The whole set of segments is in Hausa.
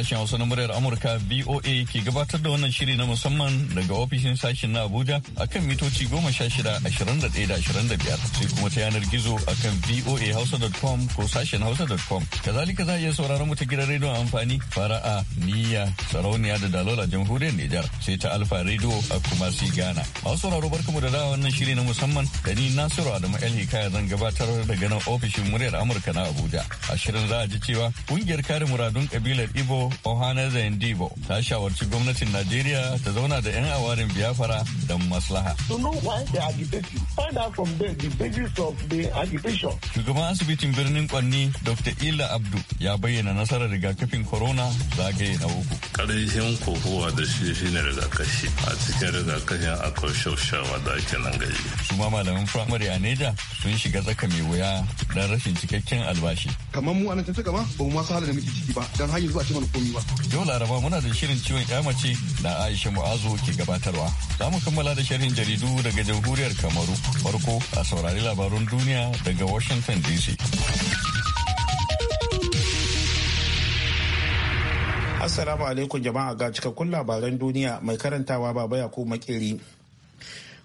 Sashen Hausa na muryar Amurka VOA ke gabatar da wannan shiri na musamman daga ofishin sashen na Abuja akan mitoci goma sha shida ashirin da biyar sai kuma ta yanar gizo akan Hausa.com ko sashen hausa.com. Kazalika za a iya sauraron mu ta gidan rediyon amfani fara'a niyya sarauniya da dalola jamhuriyar Nijar sai ta alfa rediyo a kuma si Ghana. Masu sauraro barkamu da dawa wannan shiri na musamman da ni Nasiru Adamu El Hikaya zan gabatar daga nan ofishin muryar Amurka na Abuja. A shirin za a ji cewa kungiyar kare muradun kabilar Ibo Igbo Ohana Zaindibo ta shawarci gwamnatin Najeriya ta zauna da 'yan awarin biyafara don maslaha. Shugaban asibitin birnin Kwanni Dr. Ila Abdu ya bayyana nasarar rigakafin corona zagaye na uku. Karshen kokowa da shi shine rigakafi a cikin rigakafin akwai shaushawa da ake nan gari. Suma ma malaman firamare a Neja sun shiga tsaka mai wuya don rashin cikakken albashi. Kamar mu a nan ta gaba ba mu masu halin da muke ciki ba don hanyar zuwa ce mana ba. Yau Laraba muna da shirin ciwon mace da Aisha Mu'azu ke gabatarwa. Za mu kammala da shirin jaridu daga jamhuriyar Kamaru. Farko a saurari labarun duniya daga Washington DC. Assalamu alaikum jama'a ga cikakkun labaran duniya mai karantawa baba ko Makeri.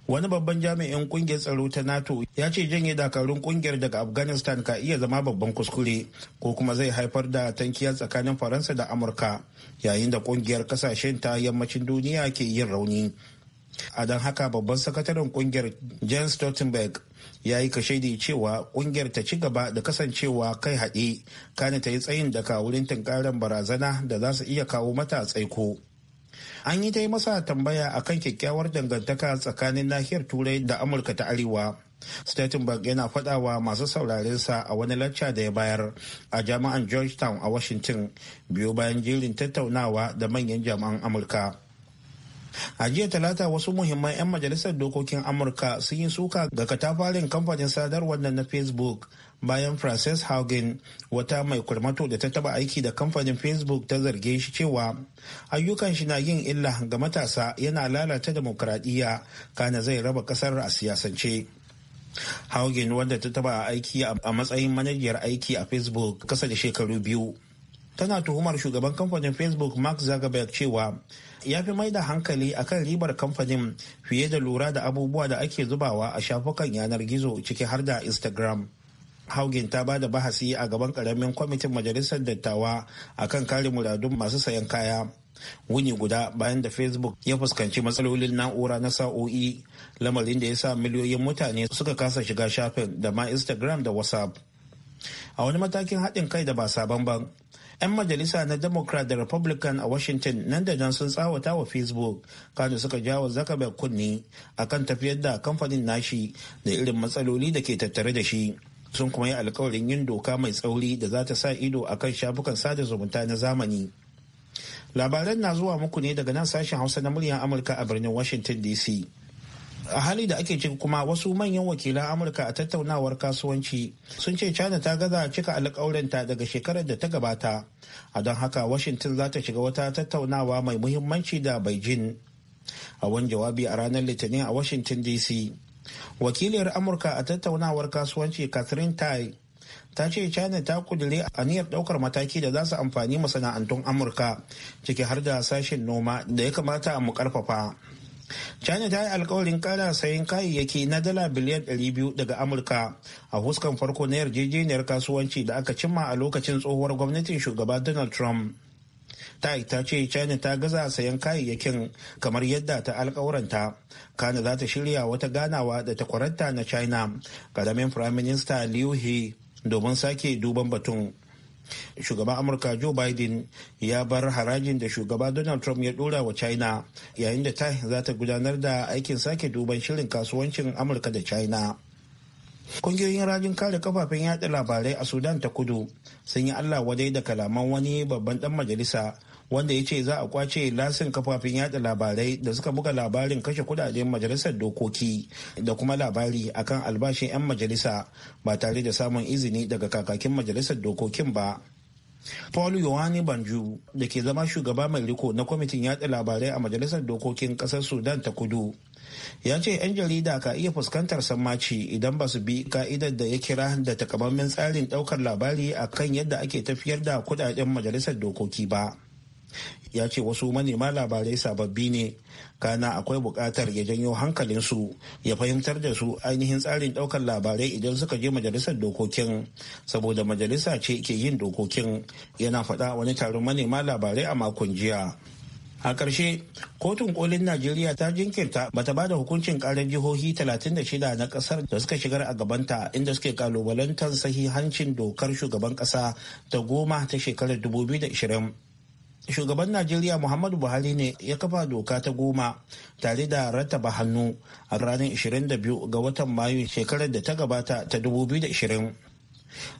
wani babban jami'in kungiyar tsaro ta nato ya ce janye dakarun kungiyar daga afghanistan ka iya zama babban kuskure ko kuma zai haifar da tankiya tsakanin faransa da amurka yayin da kungiyar kasashen ta yammacin duniya ke yin rauni a don haka babban sakataren kungiyar jens stoltenberg ya yi kashedi cewa kungiyar ta ci gaba da kasancewa kai haɗe kane ta yi tsayin daga wurin tunkarar barazana da za su iya kawo mata tsaiko an yi ta yi masa tambaya akan kyakkyawar dangantaka tsakanin nahiyar turai da amurka ta arewa Stettenberg yana faɗawa masu saurarensa a wani lacca da ya bayar a jami'an Georgetown a Washington biyo bayan jerin tattaunawa da manyan jami'an Amurka. A jiya talata wasu muhimman 'yan majalisar dokokin Amurka sun yi suka ga katafarin kamfanin sadarwar na Facebook bayan frances haugen wata mai kurmato da ta taba aiki da kamfanin facebook ta zarge shi cewa ayyukan shi na yin illa ga matasa yana lalata demokradiyya kana zai raba kasar a siyasance haugen wanda ta taba aiki a matsayin manajiyar aiki a facebook kasa da shekaru biyu tana tuhumar shugaban kamfanin facebook mark zuckerberg cewa ya fi mai da hankali akan ribar kamfanin fiye da lura da abubuwa da ake zubawa a shafukan yanar gizo ciki har da instagram Haugen ta ba da bahasi a gaban karamin kwamitin majalisar dattawa akan kare muradun masu sayan kaya. Wuni guda bayan da Facebook ya fuskanci matsalolin na'ura na sa'o'i lamarin da ya sa miliyoyin mutane suka kasa shiga shafin da ma Instagram da WhatsApp. A wani matakin haɗin kai da ba sabon ban, 'yan majalisa na democrat da republican a washington nan da nan sun tsawata wa facebook kano suka jawo zuckerberg kunni akan tafiyar da kamfanin nashi da irin matsaloli da ke tattare da shi sun kuma yi alkawarin yin doka mai tsauri da za ta sa ido a kan shafukan sada zumunta na zamani labaran na zuwa muku ne daga nan sashen hausa na muryar amurka a birnin washington dc a hali da ake ciki kuma wasu manyan wakilan amurka a tattaunawar kasuwanci sun ce china ta gaza cika alkawarinta daga shekarar da ta gabata a don haka washington za ta shiga wata tattaunawa mai muhimmanci da beijing a wani jawabi a ranar litinin a washington dc wakiliyar amurka a tattaunawar kasuwanci catherine tai ta ce china ta a aniyar daukar mataki da za su amfani masana'antun amurka ciki har da sashen noma da ya kamata mu karfafa china ta yi alkawarin kara sayan kayayyaki na dala biliyan 200 daga amurka a huskan farko na yarjejeniyar kasuwanci da aka cimma a lokacin tsohuwar gwamnatin shugaba donald trump tai ta ce china ta gaza sayan kayayyakin kamar yadda ta alkawuranta kana za ta shirya wata ganawa da takwaranta na china karamin prime minister liu he domin sake duban batun shugaban amurka joe biden ya bar harajin da shugaba donald trump ya dora wa china yayin da tai za ta gudanar da aikin sake duban shirin kasuwancin amurka da china Kungiyoyin rajin kare kafafen yada labarai a Sudan ta kudu sun yi Allah wadai da kalaman wani babban dan majalisa wanda ya ce za a kwace lasin kafafen yada labarai da suka buga labarin kashe kudaden majalisar dokoki da kuma labari akan albashin 'yan majalisa ba tare da samun izini daga kakakin majalisar dokokin ba paul yohani banju da ke zama shugaba mai riko na kwamitin yada labarai a majalisar dokokin kasar sudan ta kudu ya ce 'yan jarida ka iya fuskantar sammaci idan ba su bi ka'idar da ya kira da takamammen tsarin daukar labari akan yadda ake tafiyar da kudaden majalisar dokoki ba ya ce wasu manema labarai sababbi ne kana akwai buƙatar ya janyo hankalinsu ya fahimtar da su ainihin tsarin ɗaukar labarai idan suka je majalisar dokokin saboda majalisa ce ke yin dokokin yana faɗa wani taron manema labarai a makon jiya a ƙarshe kotun kolin najeriya ta jinkirta bata ba da hukuncin karar jihohi 36 na ƙasar da suka shigar a gabanta inda suke kalubalantar sahihancin dokar shugaban ƙasa ta goma ta shekarar 2020 shugaban najeriya muhammadu buhari ne ya kafa doka ta goma tare da rattaba hannu a ranar 22 ga watan mayu shekarar da ta gabata ta 2020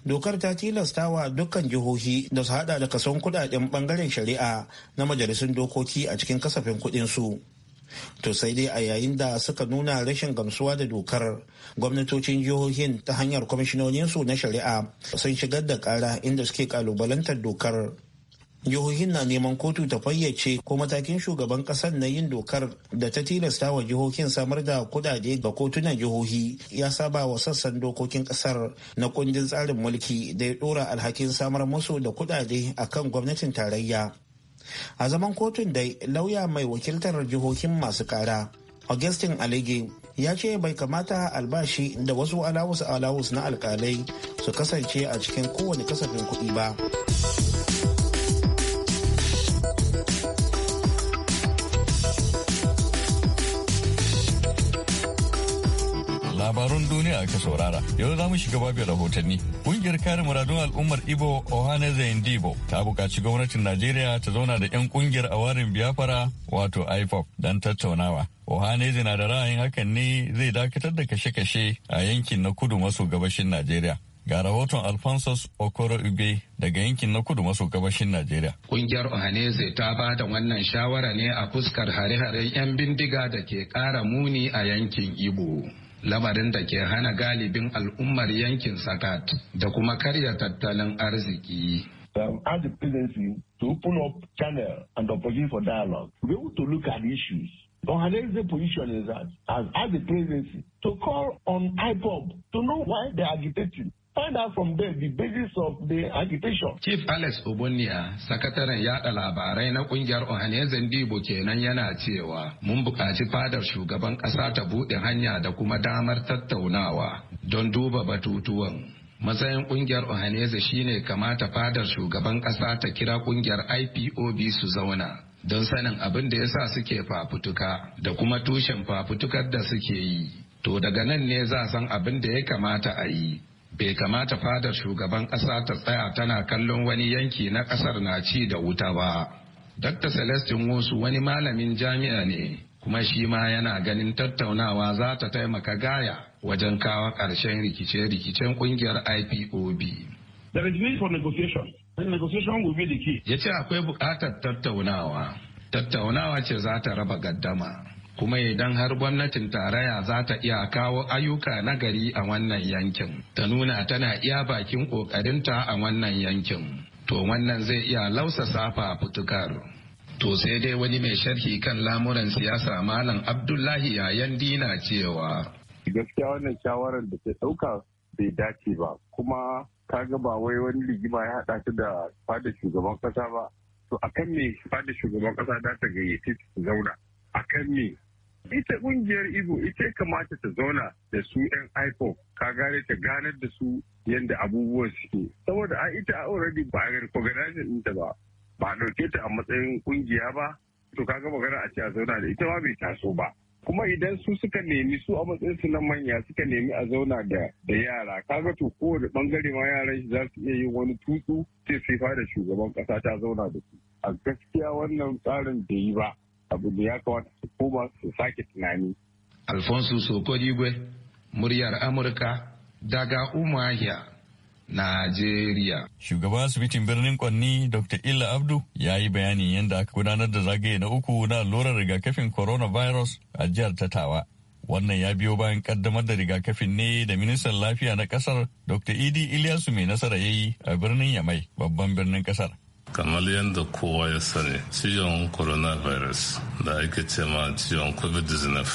dokar ta tilasta wa dukkan jihohi da su hada da kason kudaden bangaren shari'a na majalisun dokoki a cikin kasafin kudinsu to sai dai a yayin da suka nuna rashin gamsuwa da dokar gwamnatocin jihohin ta hanyar kwamishinoninsu na shari'a sun shigar da kara inda suke kalubalantar dokar jihohin na neman kotu ta fayyace ko matakin shugaban kasar na yin dokar da ta tilasta wa jihohin samar da kudade ga kotunan jihohi ya saba wa sassan dokokin kasar na kundin tsarin mulki da ya dora alhakin samar musu da kudade kan gwamnatin tarayya a zaman kotun dai lauya mai wakiltar jihohin masu kara augustin alege ya ce bai kamata albashi da wasu alawus alawus na alkalai su kasance a cikin kowane kasafin kuɗi ba. labarun duniya aka saurara. Yau za mu shiga babu rahotanni. Kungiyar kare muradun al'ummar Ibo Ohana Zaindibo ta bukaci gwamnatin Najeriya ta zauna da 'yan kungiyar a warin Biafra wato IFOP don tattaunawa. ohaneze na da ra'ayin hakan ne zai dakatar da kashe-kashe a yankin na kudu maso gabashin Najeriya. ga rahoton alphonsus okoro ube daga yankin na kudu maso gabashin najeriya kungiyar ohaneze ta ba da wannan shawara ne a fuskar hare-haren 'yan bindiga da ke kara muni a yankin ibo lamarin da ke hana galibin al'ummar yankin sakat da kuma karya tattalin arziki. Um, as the presidency to open up channel and opportunity for dialogue, we able to look at issues. the position is that, as, as the presidency, to call on IPOB to know why they are agitating find out from them the basis of the agitation. Chief Alex Obonia, sakataren yada labarai na kungiyar Ohanezen Dibo kenan yana cewa mun buƙaci fadar shugaban ƙasa ta buɗe hanya da kuma damar tattaunawa don duba batutuwan. Matsayin kungiyar Ohaneze shine kamata fadar shugaban ƙasa ta kira kungiyar IPOB su zauna. Don sanin abin da sa suke fafutuka da kuma tushen fafutukar da suke yi. To daga nan ne za san abin da ya kamata a yi. bai kamata fadar shugaban ƙasa ta tsaya tana kallon wani yanki na ƙasar na ci da wuta ba. Dr. Celestin Wosu wani malamin jami'a ne kuma shi ma yana ganin tattaunawa za ta taimaka gaya wajen kawo ƙarshen rikice-rikicen ƙungiyar IPOB. Ya ce akwai buƙatar tattaunawa. Tattaunawa ce za ta raba gaddama. kuma idan har gwamnatin tarayya za ta iya kawo ayyuka na gari a wannan yankin ta nuna tana iya bakin ƙoƙarinta a wannan yankin to wannan zai iya lausa safa fitukar to sai dai wani mai sharhi kan lamuran siyasa malam abdullahi yayan dina cewa gaskiya wannan shawarar da ta dauka bai dace ba kuma ka ga ba wai wani rigima ya hada shi da fada shugaban ƙasa ba to akan me fada shugaban ƙasa za ta gayyace zauna akan me Ita ƙungiyar Igbo ita kamata ta zauna da su 'yan IPOC ka gane ta ganar da su yadda abubuwan suke. Saboda a ita already ba a recognizing ɗinta ba, ba a ɗauke ta a matsayin ƙungiya ba, to kaga magana a ce a zauna da ita ma bai taso ba. kuma idan su suka nemi su a matsayin su na manya suka nemi a zauna da da yara kaga to kowane bangare ma yaran shi za su iya yin wani tutsu sai sai fara shugaban kasa ta zauna da su a gaskiya wannan tsarin da yi ba abu da ya kawo kuma su sake tunani. Alfonso Sokorigwe, muryar Amurka, daga Umahia, Najeriya. Shugaban asibitin birnin Kwanni Dr. Illa Abdu ya yi bayani yadda aka gudanar da zagaye na uku na allurar rigakafin coronavirus a jihar Tatawa. Wannan ya biyo bayan kaddamar da rigakafin ne da ministan lafiya na kasar Dr. Idi Ilyasu mai nasara ya yi a birnin Yamai babban birnin kasar. kamar yadda kowa ya sani ciwon coronavirus da ake ce ma ciwon covid-19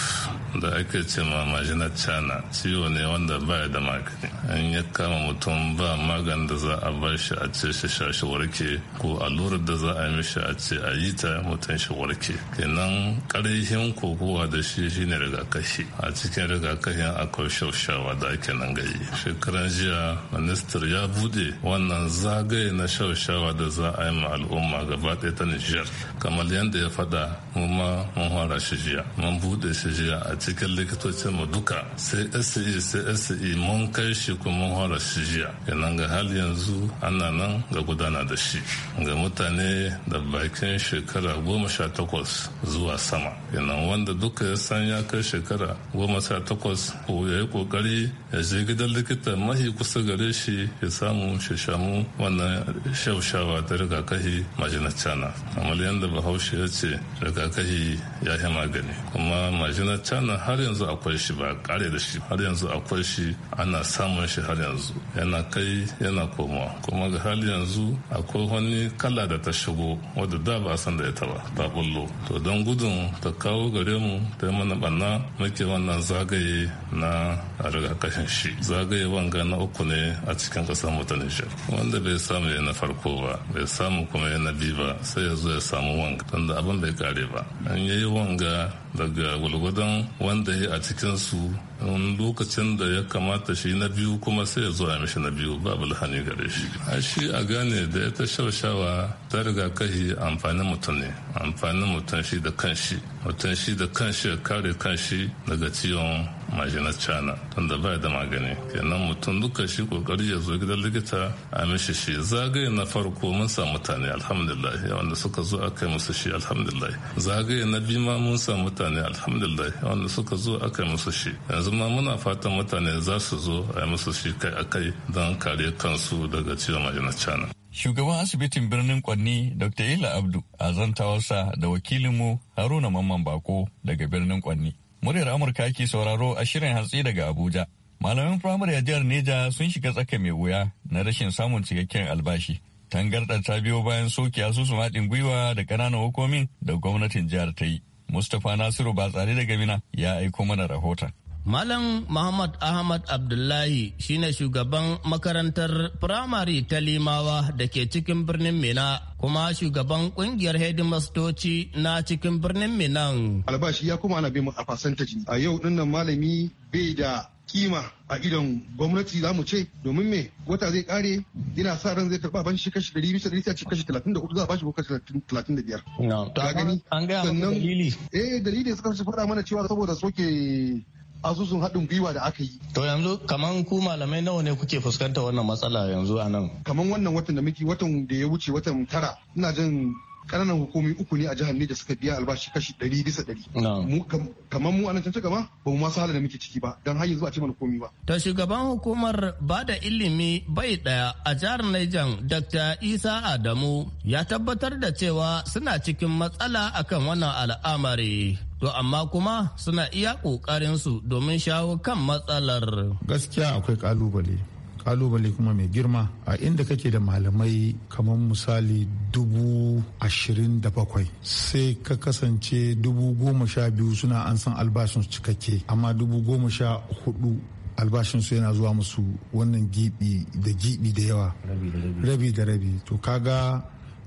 da ake ce ma majinar china ciwo ne wanda baya da magani an ya kama mutum ba magan da za a bar shi a ce shi sha shi warke ko allurar da za a yi mishi a ce a yi ta mutum shi warke kenan karihin kokowa da shi shine rigakafi a cikin rigakafin akwai shaushawa da ake nan gayi shekaran jiya ministar ya bude wannan zagaye na shaushawa da za a yi ma al'umma gaba ɗaya ta Nijar. Kamar yadda ya faɗa mu ma mun fara shijiya Mun buɗe shijiya jiya a cikin likitocin mu duka sai SCE sai SCE mun kai shi kuma mun fara shijiya jiya. Kenan ga hal yanzu ana nan ga gudana da shi. Ga mutane da bakin shekara goma sha takwas zuwa sama. Kenan wanda duka ya san ya kai shekara goma sha takwas ko ya yi kokari ya je gidan likita mahi kusa gare shi ya samu shi shamu wannan shaushawa ta rigakafi majinacana cana yadda bahaushe ya ce rigakafi ya yi magani kuma majinar cana har yanzu akwai shi ba kare da shi har yanzu akwai shi ana samun shi har yanzu yana kai yana koma kuma ga hali yanzu akwai wani kala da ta shigo wadda da ba san da ita ba ta bullo to don gudun ta kawo gare mu ta yi mana banna muke wannan zagaye na rigakafin shi zagaye wanga na uku ne a cikin kasar mu ta wanda bai samu na farko ba bai samu kuma yana bi ba sai ya zo ya samu wanga tunda abin bai kare ba an yayi wanga daga gwalgwadon wanda ya a cikin cikinsu lokacin da ya kamata shi na biyu kuma sai ya zo a mishi na biyu babu lahani gare shi a shi a gane da ya ta shaushawa ta riga kai amfanin mutum ne amfanin mutum shi da kanshi mutum shi da kanshi ya kare kanshi daga ciwon majinar cana tunda ba da magani kenan mutum duka shi kokari ya zo gidan likita a mishi shi zagaye na farko mun samu mutane alhamdulillah wanda suka zo a kai musu shi alhamdulillah zagaye na biyu ma mun samu mutane alhamdulillah wanda suka zo aka musu shi yanzu ma muna fatan mutane za su zo a yi musu shi kai a kai don kare kansu daga ciwon majina cana. Shugaban asibitin birnin Kwanni Dr. Ila Abdu a zantawarsa da wakilinmu Haruna Mamman Bako daga birnin Kwanni. Muryar Amurka ke sauraro a shirin hantsi daga Abuja. Malaman firamare a jihar Neja sun shiga tsaka mai wuya na rashin samun cikakken albashi. Tangarɗar ta biyo bayan soke asusun haɗin gwiwa da ƙananan hukumin da gwamnatin jihar ta yi. Mustapha Nasiru ba tsare daga Mina ya aiko mana rahoton. Malam Muhammad Ahmad Abdullahi shine shugaban makarantar firamare ta Limawa da ke cikin birnin Mina kuma shugaban kungiyar hedimastoci na cikin birnin Minan. Albashi ya kuma ana bi mu a fasantaji. A yau dinnan malami bai da kima a idon gwamnati za mu ce domin me wata zai kare yana sa ran zai karba ban shi kashi 100 bisa ɗari sai kashi talatin kashi 34 za a bashi ko kashi 35 ta gani an ga dalili eh dalili suka faɗa mana cewa saboda soke asusun haɗin gwiwa da aka yi. To yanzu kaman ku malamai nawa ne kuke fuskanta wannan matsala yanzu a nan? Kaman wannan watan da muke watan da ya wuce watan tara ina jin kananan hukumi uku ne a jihar Neja suka biya albashi kashi ɗari bisa ɗari. Kamar mu a nan gaba ba mu masu halin da muke ciki ba don har yanzu a ce mana komi ba. Ta shugaban hukumar ba da ilimi bai ɗaya a jihar Nejan Dr. Isa Adamu ya tabbatar da cewa suna cikin matsala akan wannan al'amari. to amma kuma suna iya ƙoƙarinsu domin shawo kan matsalar. Gaskiya akwai ƙalubale. kalubale kuma mai girma a inda kake da malamai kamar misali dubu ashirin da bakwai sai ka kasance dubu goma sha biyu suna an san albashin cikakke amma dubu goma sha hudu albashin su yana zuwa musu wannan gibi da gibi da yawa rabi da rabi to kaga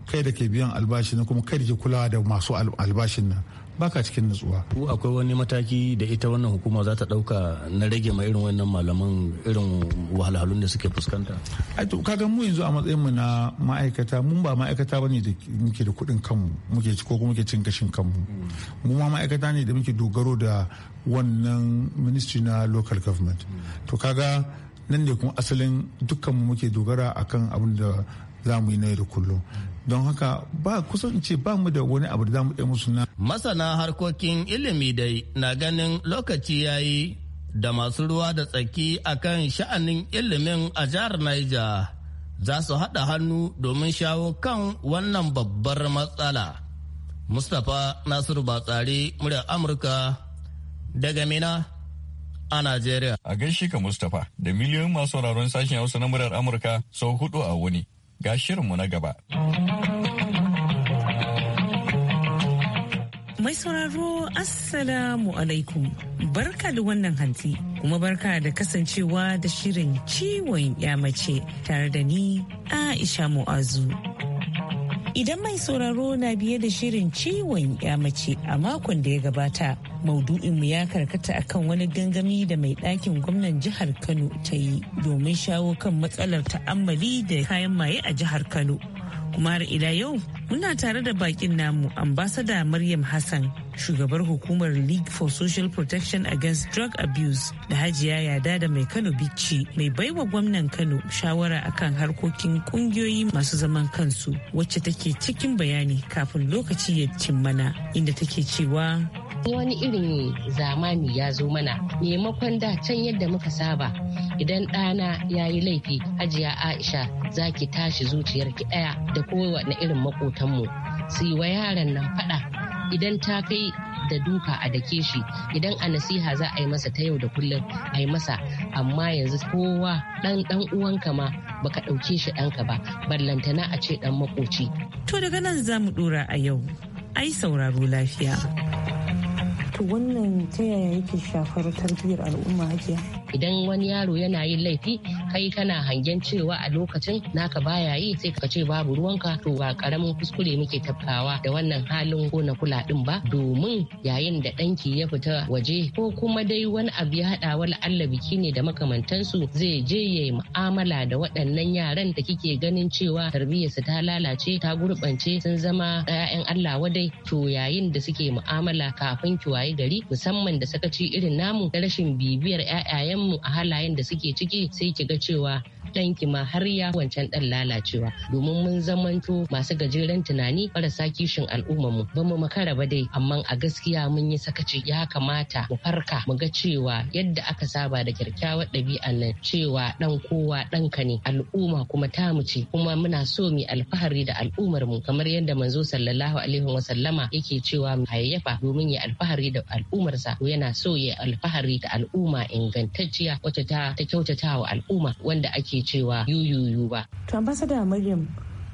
kai da ke biyan albashi na kuma kai da ke kulawa da masu albashin nan baka cikin nutsuwa. Ko akwai wani mataki da ita wannan hukuma za ta dauka na rage ma irin wannan malaman irin wahalhalun da suke fuskanta? Ai to kaga mu yanzu a matsayin mu na ma'aikata mun ba ma'aikata bane da muke da kuɗin kanmu muke ko muke cin gashin kanmu. Hmm. Mu ma ma'aikata ne da muke dogaro da wannan ministry na local government. Hmm. To kaga nan ne kuma asalin dukkanmu muke dogara akan abin da za mu yi na yau da kullum hmm. don haka ba kusan ce ba mu da wani abu da mu iya musu na. Masana harkokin ilimi dai na ganin lokaci ya yi da masu ruwa da tsaki akan sha'anin ilimin a jihar Niger za su haɗa hannu domin shawo kan wannan babbar matsala. Mustapha Nasiru Batsari muryar Amurka daga Mina a Najeriya. A gaishe ka Mustapha da miliyoyin masu sauraron sashen Hausa na muryar Amurka sau hudu a wuni. Ga shirinmu na gaba. Mai sauraro Assalamu alaikum. Barka da wannan hanti kuma barka da kasancewa da shirin ciwon ya mace tare da ni Aisha Mu'azu. Idan mai sauraro na biye da shirin ciwon mace a makon da ya gabata, maudu'inmu ya karkata akan wani gangami da mai ɗakin gwamnan jihar Kano ta yi domin shawo kan matsalar ta'ammali da kayan maye a jihar Kano. Kuma har ila yau Muna tare da bakin namu ambasada Maryam Hassan, shugabar hukumar League for Social Protection Against Drug Abuse da Hajiya Yada da mai Kano Bicci mai baiwa gwamnan Kano shawara akan harkokin kungiyoyi masu zaman kansu wacce take cikin bayani kafin lokaci ya cin mana inda take cewa wani irin zamani ya zo mana maimakon da can yadda muka saba idan ɗana ya yi laifi hajiya aisha za ki tashi zuciyar ɗaya da kowane irin makotanmu su yi wa yaran nan faɗa idan ta kai da duka a dake shi idan a nasiha za a yi masa ta yau da kullum a yi masa amma yanzu kowa ɗan ɗan uwanka ma baka ɗauke shi ɗanka ba ballantana a ce ɗan makoci to daga nan za mu ɗora a yau ai sauraro lafiya to wannan ta yaya yake shafar tarbiyyar al'umma hajiya idan wani yaro yana yin laifi kai kana hangen cewa a lokacin naka baya yi sai ka ce babu ruwanka to ba karamin kuskure muke tafkawa da wannan halin ko na kula din ba domin yayin da danki ya fita waje ko kuma dai wani abu ya hada wala Allah biki ne da makamantansu zai je ya yi mu'amala da waɗannan yaran da kike ganin cewa tarbiyyarsu ta lalace ta gurbance sun zama 'ya'yan Allah wadai to yayin da suke mu'amala kafin ki waye gari musamman da sakaci irin namu da rashin bibiyar 'ya'yayenmu a halayen da suke ciki sai ki ga cewa ɗanki ma har ya wancan ɗan lalacewa domin mun zamanto masu gajeren tunani marasa kishin al'ummarmu ba mu makara ba dai amma a gaskiya mun yi sakaci ya kamata mu farka mu ga cewa yadda aka saba da kyakkyawar ɗabi'a nan cewa ɗan kowa ɗanka ne al'umma kuma ta mu ce kuma muna so mu alfahari da al'ummar mu kamar yadda manzo sallallahu alaihi wa sallama yake cewa mu hayyafa domin ya alfahari da al'ummarsa ko yana so ya alfahari da al'umma ingantacciya wacce ta ta kyautata wa al'umma wanda ake cewa yuyuyu ba. To ambassador Maryam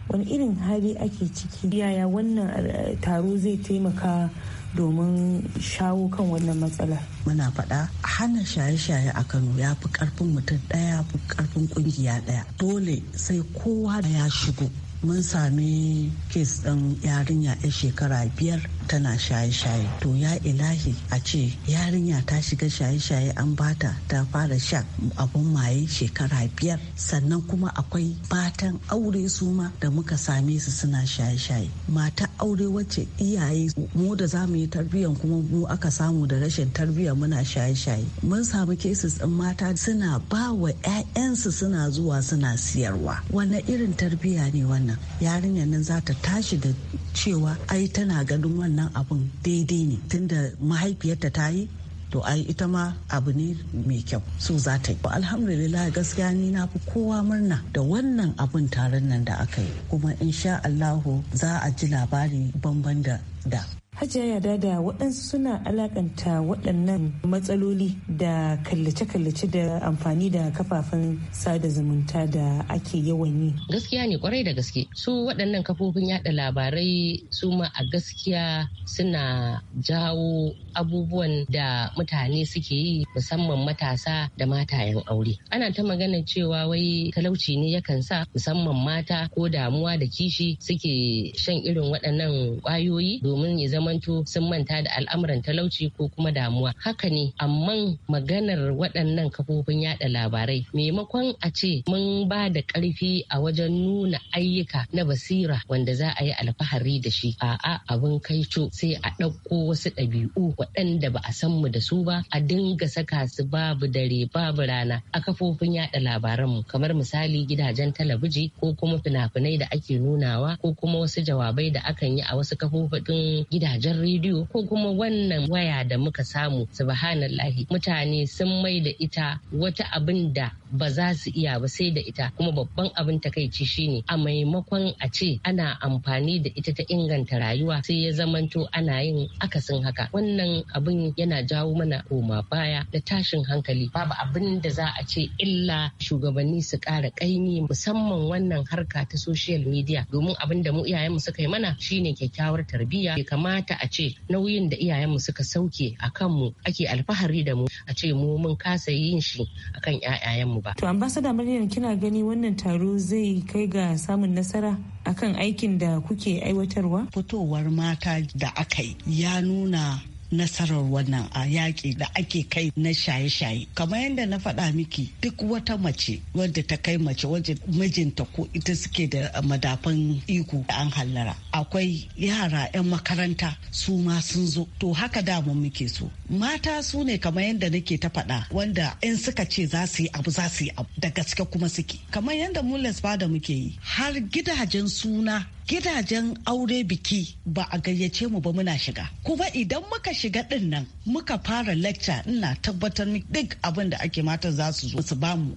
wani irin hali ake ciki yaya wannan eh, taro zai taimaka domin shawo kan wannan matsala. Muna faɗa hana shaye-shaye a Kano ya fi ƙarfin mutum ɗaya fi ƙarfin ƙungiya ɗaya. Dole sai kowa da ya shigo. Mun sami kes ɗin yarinya 'yar shekara biyar tana shaye-shaye to ya ilahi a ce yarinya ta shiga shaye-shaye an bata ta fara sha abun maye shekara biyar sannan kuma akwai matan aure su ma da muka same su suna shaye-shaye mata aure wacce iyaye mu da za mu yi tarbiyyan kuma mu aka samu da rashin tarbiyan muna shaye-shaye mun samu cases din mata suna ba wa 'ya'yansu suna zuwa suna siyarwa wanne irin tarbiyya ne wannan yarinya nan za ta tashi da cewa ai tana ganin wannan wannan abun daidai ne tunda mahaifiyarta ta yi to ai ita ma abu ne mai kyau so za ta yi alhamdulillah gaskiya ni na fi kowa murna da wannan abun taron nan da aka yi kuma insha allahu za a ji labari banban da da hajiya yada da waɗansu suna alakanta waɗannan matsaloli da kallace-kallace da amfani da kafafen sada zumunta da ake yawan yi gaskiya ne kwarai da gaske su waɗannan kafofin yada labarai su ma a gaskiya suna jawo abubuwan da mutane suke yi musamman matasa da matayen aure ana ta magana cewa wai talauci ne yakan sa musamman mata ko damuwa da kishi suke shan irin waɗannan kwayoyi domin ya zama zamanto sun manta da al'amuran talauci ko kuma damuwa haka ne amma maganar waɗannan kafofin yada labarai maimakon a ce mun ba da ƙarfi a wajen nuna ayyuka na basira wanda za a yi alfahari da shi a'a abin kai co sai a ɗauko wasu ɗabi'u waɗanda ba a san mu da su ba a dinga saka su babu dare babu rana a kafofin yada labaranmu kamar misali gidajen talabiji ko kuma fina-finai da ake nunawa ko kuma wasu jawabai da akan yi a wasu kafofin gidajen gidajen rediyo ko kuma wannan waya da muka samu subhanallahi mutane sun mai da ita wata abin da ba za su iya ba sai da ita kuma babban abin takaici shine a maimakon a ce ana amfani da ita ta inganta rayuwa sai ya zamanto ana yin akasin haka wannan abin yana jawo mana koma baya da tashin hankali babu abin da za a ce illa shugabanni su kara kaini musamman wannan harka ta social media domin abin da mu iyayenmu suka yi mana shine kyakkyawar tarbiyya bai kamata a ce nauyin da iyayenmu suka sauke a kanmu ake alfahari da mu a ce mu mun kasa yin shi akan 'ya'yayenmu ba. To ambasada Maryam kina gani wannan taro zai kai ga samun nasara akan aikin da kuke aiwatarwa? Fitowar mata da aka yi ya nuna nasarar wannan a yaƙi da ake kai na shaye-shaye kamar yadda na faɗa miki duk wata mace wadda ta kai mace wadda mijinta ko ita suke da madafan iko da an hallara akwai yara 'yan makaranta su ma sun zo to haka damu muke so mata su ne kamar yadda nake ta faɗa wanda in suka ce za su yi abu za su yi abu da gaske kuma suke kamar yadda mu da muke yi har gidajen suna gidajen aure biki ba a gayyace mu ba muna shiga kuma idan muka shiga din muka fara lecture ina tabbatar duk abin da ake mata za su zo su ba mu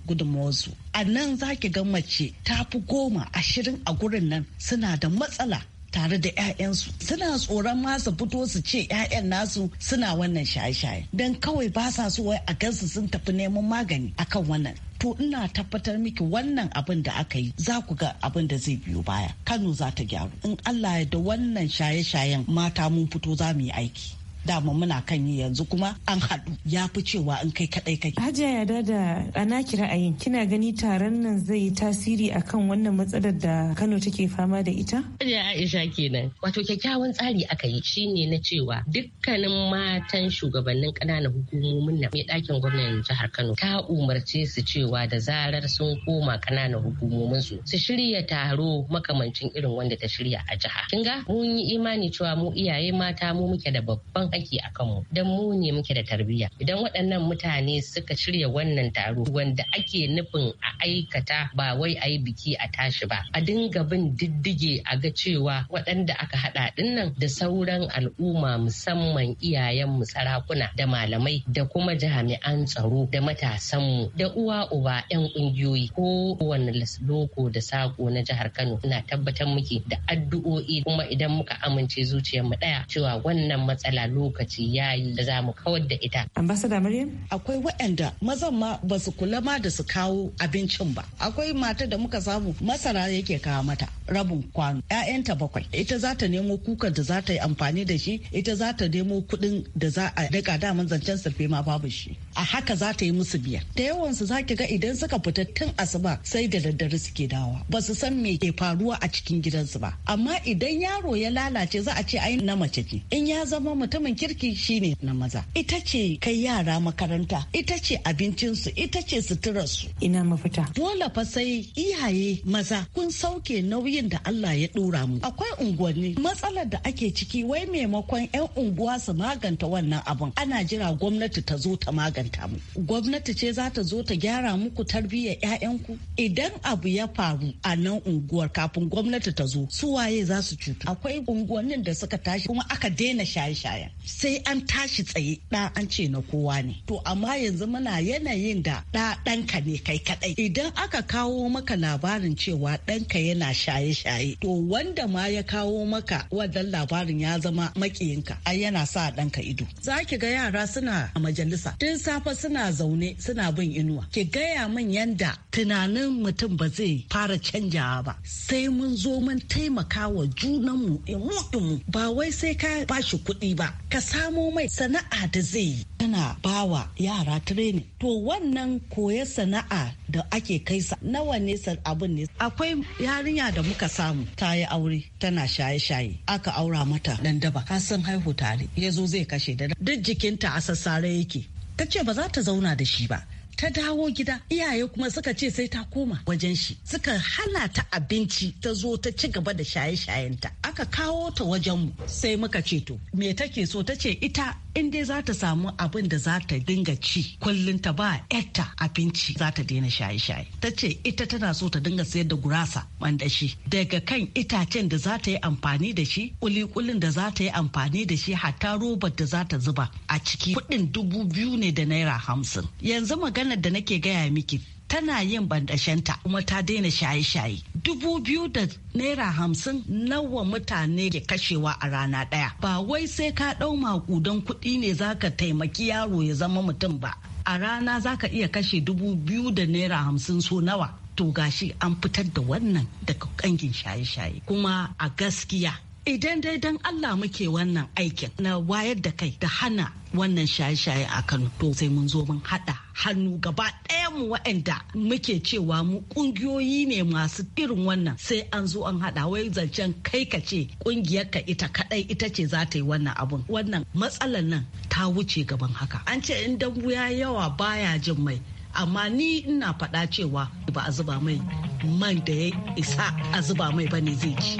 su a nan za ki ga mace ta fi goma ashirin a gurin nan suna da matsala tare da 'ya'yansu suna tsoron ma fito su ce 'ya'yan nasu suna wannan shaye-shaye don kawai ba sa so wai a gansu sun tafi neman magani akan wannan to ina tabbatar miki wannan abin da aka yi za ku ga abin da zai biyo baya kano za ta gyaru in allah ya da wannan shaye-shayen mata mun fito za mu yi aiki dama muna kan yi yanzu kuma an haɗu ya fi cewa in kai kaɗai kai. Hajiya ya da ana ki ra'ayin kina gani taron nan zai yi tasiri akan wannan matsalar da Kano take fama da ita? Hajiya Aisha kenan wato kyakkyawan tsari aka yi shine na cewa dukkanin matan shugabannin ƙananan hukumomin nan mai ɗakin gwamnan jihar Kano ta umarce su cewa da zarar sun koma ƙananan hukumomin su su shirya taro makamancin irin wanda ta shirya a jiha. Kin ga mun yi imani cewa mu iyaye mata mu muke da babban aiki a kanmu don mu ne muke da tarbiyya idan waɗannan mutane suka shirya wannan taro wanda ake nufin a aikata ba wai a yi biki a tashi ba a dinga bin diddige a ga cewa waɗanda aka haɗa dinnan da sauran al'umma musamman iyayenmu sarakuna da malamai da kuma jami'an tsaro da matasanmu da uwa uba 'yan ƙungiyoyi ko wani loko da sako na jihar Kano ina tabbatar muke da addu'o'i kuma idan muka amince zuciyar mu ɗaya cewa wannan matsala lokaci ya yi da za mu kawar da ita. Ambassador Maryam? Akwai waɗanda mazan ma ba su kula ma da su kawo abincin ba. Akwai mata da muka samu masara yake kawo mata rabin kwano. ‘Ya'yanta bakwai. Ita za ta nemo kukan da za ta yi amfani da shi. Ita za ta nemo kuɗin da za a daga daman zancen surfe ma babu shi. A haka za ta yi musu biyar. Da yawansu za ki ga idan suka fita tun asuba sai da daddare suke dawa. Ba su san me ke faruwa a cikin gidansu ba. Amma idan yaro ya lalace za a ce ai na mace ce. In ya zama mutumin wannan kirki shine na maza. Ita ce kai yara makaranta, ita ce abincinsu, ita ce suturarsu. Ina mafita. Dole fa sai iyaye maza kun sauke nauyin da Allah ya dora mu. Akwai unguwanni matsalar da ake ciki wai maimakon 'yan unguwa su maganta wannan abun. Ana jira gwamnati ta zo ta maganta mu. Gwamnati ce za ta zo ta gyara muku tarbiyyar 'ya'yanku. Idan abu ya faru a nan unguwar kafin gwamnati ta zo su waye za su cutu. Akwai unguwannin da suka tashi kuma aka daina shaye shaye. sai an tashi tsaye ɗa an ce na kowa ne to amma yanzu muna yanayin da ɗa ɗanka ne kai kadai. idan aka kawo maka labarin cewa ɗanka yana shaye-shaye to wanda ma ya kawo maka wannan labarin ya zama makiyinka ai yana sa ɗanka ido za ki ga yara suna a majalisa tun safe suna zaune suna bin inuwa ki gaya min yanda tunanin mutum ba zai fara canjawa ba sai mun zo mun taimaka wa junanmu imu ba wai sai ka bashi kuɗi ba ka samo mai sana'a da zai yi tana bawa yara training to wannan koya sana'a da ake kai sa nawa ne abin ne akwai yarinya da muka samu ta yi aure tana shaye-shaye aka aura mata dan daba ka san haihu tare ya zo zai kashe da duk jikinta a sassare yake ta ce ba za ta zauna da shi ba ta dawo gida iyaye kuma suka ce sai ta koma wajen shi suka hana ta abinci ta zo ta ci gaba da shaye-shayenta aka kawo ta wajen mu sai muka ce to me take so ta ce ita in dai za ta samu abin da za ta dinga ci kullum ta ba yarta abinci za ta daina shaye-shaye ta ce ita tana so ta dinga sayar da gurasa wanda shi daga kan itacen da za ta yi amfani da shi kulikulin da za ta yi amfani da shi hatta robar da za ta zuba a ciki kudin dubu biyu ne da naira hamsin yanzu maganar da nake gaya miki tana yin bandashenta kuma ta daina shaye-shaye dubu biyu da naira hamsin nawa mutane ke kashewa a rana ɗaya ba wai sai ka ɗau makudan kuɗi ne zaka taimaki yaro ya zama mutum ba a rana zaka iya kashe dubu biyu da naira hamsin so nawa to gashi an fitar da wannan daga kangin shaye-shaye kuma a gaskiya idan dai dan Allah muke wannan aikin na wayar da kai da hana wannan shaye-shaye a Kano to sai mun zo mun hada hannu gaba ɗaya mu waɗanda muke cewa mu ƙungiyoyi ne masu irin wannan sai an zo an haɗa wai zancen kai ka ce ƙungiyar ka ita kaɗai ita ce za ta yi wannan abun wannan matsalar nan ta wuce gaban haka an ce in dambu ya yawa baya jin mai amma ni ina faɗa cewa ba a zuba mai man da ya isa a zuba mai bane zai ci.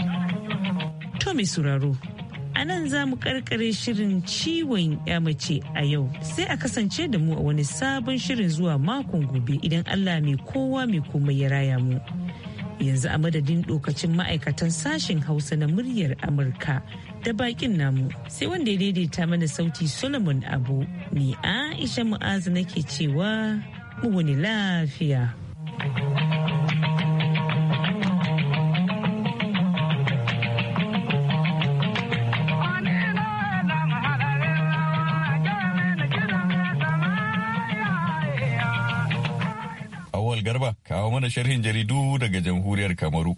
To mai sauraro, a nan za mu karkare shirin ciwon ya mace a yau sai a kasance da mu a wani sabon shirin zuwa makon gobe idan Allah mai kowa mai komai ya raya mu. Yanzu a madadin dokacin ma'aikatan sashen Hausa na muryar Amurka da bakin namu sai wanda ya daidaita mana sauti Solomon Abu ni Aisha Mu'azu nake cewa mu wani lafiya. thank you mana sharhin jaridu daga jamhuriyar Kamaru.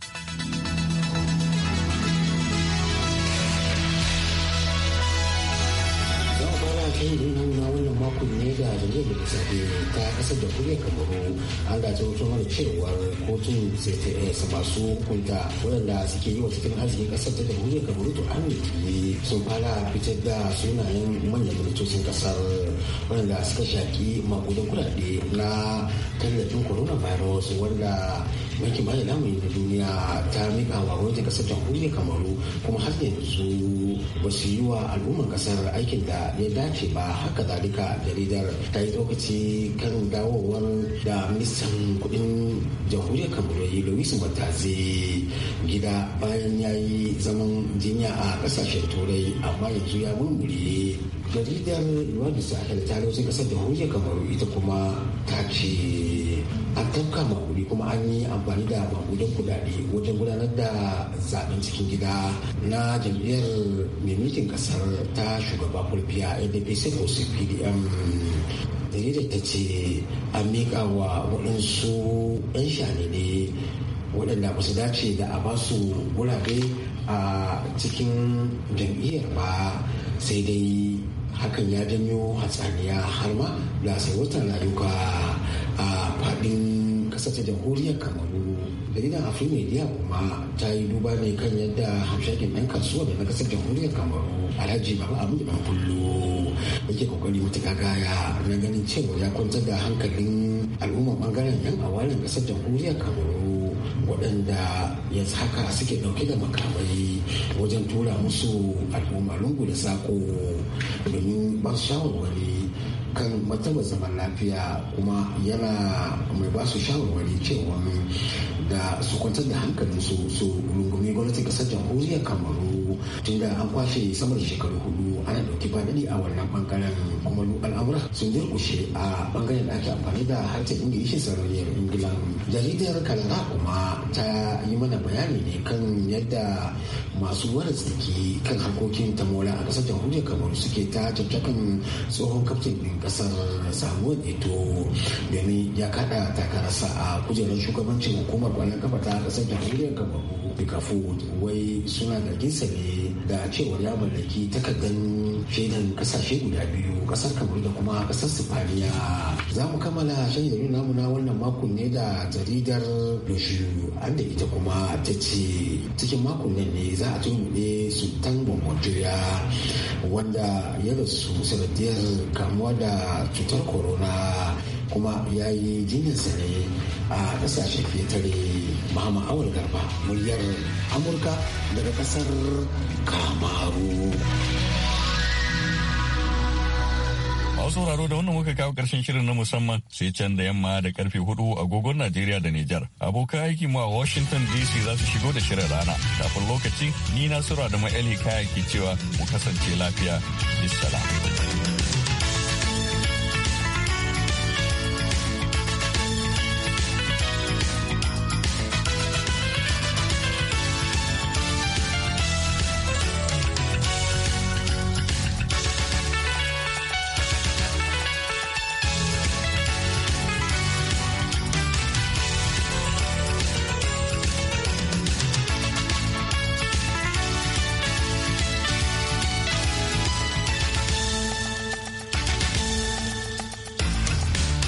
na wannan makon ne da jirgin da zaɓe ta ƙasar da kamaru an da ta wuce mana cewar kotun cts masu hukunta waɗanda suke yi wa cikin arzikin ƙasar ta da kuriya kamaru to an sun fara fitar da sunayen manyan ministocin ƙasar wanda suka shaki makudan kudade na tallafin coronavirus wanda banki mai lamuni da duniya ta mika wa gwamnatin kasar jamhuriyar kamaru kuma har yanzu ba su yi wa al'ummar kasar aikin da ya dace ba haka zalika jaridar ta yi tsokaci kan dawowar da ministan kudin jamhuriyar kamaru ya louis mataze gida bayan ya yi zaman jinya a kasashen turai amma yanzu ya murmure jaridar luwadi su aka da tarihin kasar da hujjar kamaru ita kuma ta ce an tafka maguri kuma an yi amfani da magudan kudade wajen gudanar da zaben cikin gida na jam'iyyar mimikin kasar ta shugaba fulfiya ndpc ko cpdm jaridar ta ce an miƙa wa waɗansu 'yan shani ne waɗanda ba su dace da a basu wurare gurabe a cikin jam'iyyar ba sai dai hakan ya janyo hatsaniya har ma da watan rayuka a faɗin ƙasar ta jamhuriyar kamaru jaridar afri media kuma ta yi duba ne kan yadda hamshakin ɗan kasuwa da na ƙasar jamhuriyar kamaru alhaji baba abu da kullu yake kokari mutu gaya na ganin cewa ya kwantar da hankalin al'ummar bangaren yan awalin ƙasar jamhuriyar kamaru waɗanda yanzu haka suke ɗauke da makamai wajen tura musu al'umma lungu da sako domin ba su shawarwari kan martabar zaman lafiya kuma yana mai ba su shawarwari cewa da su kwantar da hankalin su su rungumi gwamnati kasar jamhuriyar kamaru tun da an kwashe sama da shekaru hudu ana dauki ba dadi a wannan bangaren kuma al'amura sun kushe a bangaren da ake amfani da harshen ingilishin sarauniyar ingila jaridar kalara kuma ta yi mana bayani ne kan yadda masu wara tsaki kan harkokin tamola a kasar jamhuriyar kamaru suke ta tattakan tsohon kaftin din kasar samuel ito gani ya kada takararsa a kujerar shugabancin hukumar kwallon kafa ta kasar jamhuriyar kamaru bikafu wai suna da sa ne da cewar ya mallaki takardar shaidan kasashe guda biyu kasar kamaru da kuma kasar sifaniya za mu kammala shaidanu namu na wannan makon ne da jaridar lushiyu an ita kuma ta ce cikin makon nan ne za a turmuɗe sultan bombojoya wanda ya rasu sanadiyar kamuwa da cutar corona kuma ya yi jinyarsa ne a kasashe fetare mahama awal garba muryar amurka daga kasar kamaru Masu sauraro da wannan muka kawo karshen shirin na musamman sai can da yamma da karfe hudu agogon Najeriya da Nijar. Abokan aiki mu a Washington DC za su shigo da shirin rana. Kafin lokaci ni na sura da ma'ali kaya ke cewa mu kasance lafiya. Bissalam.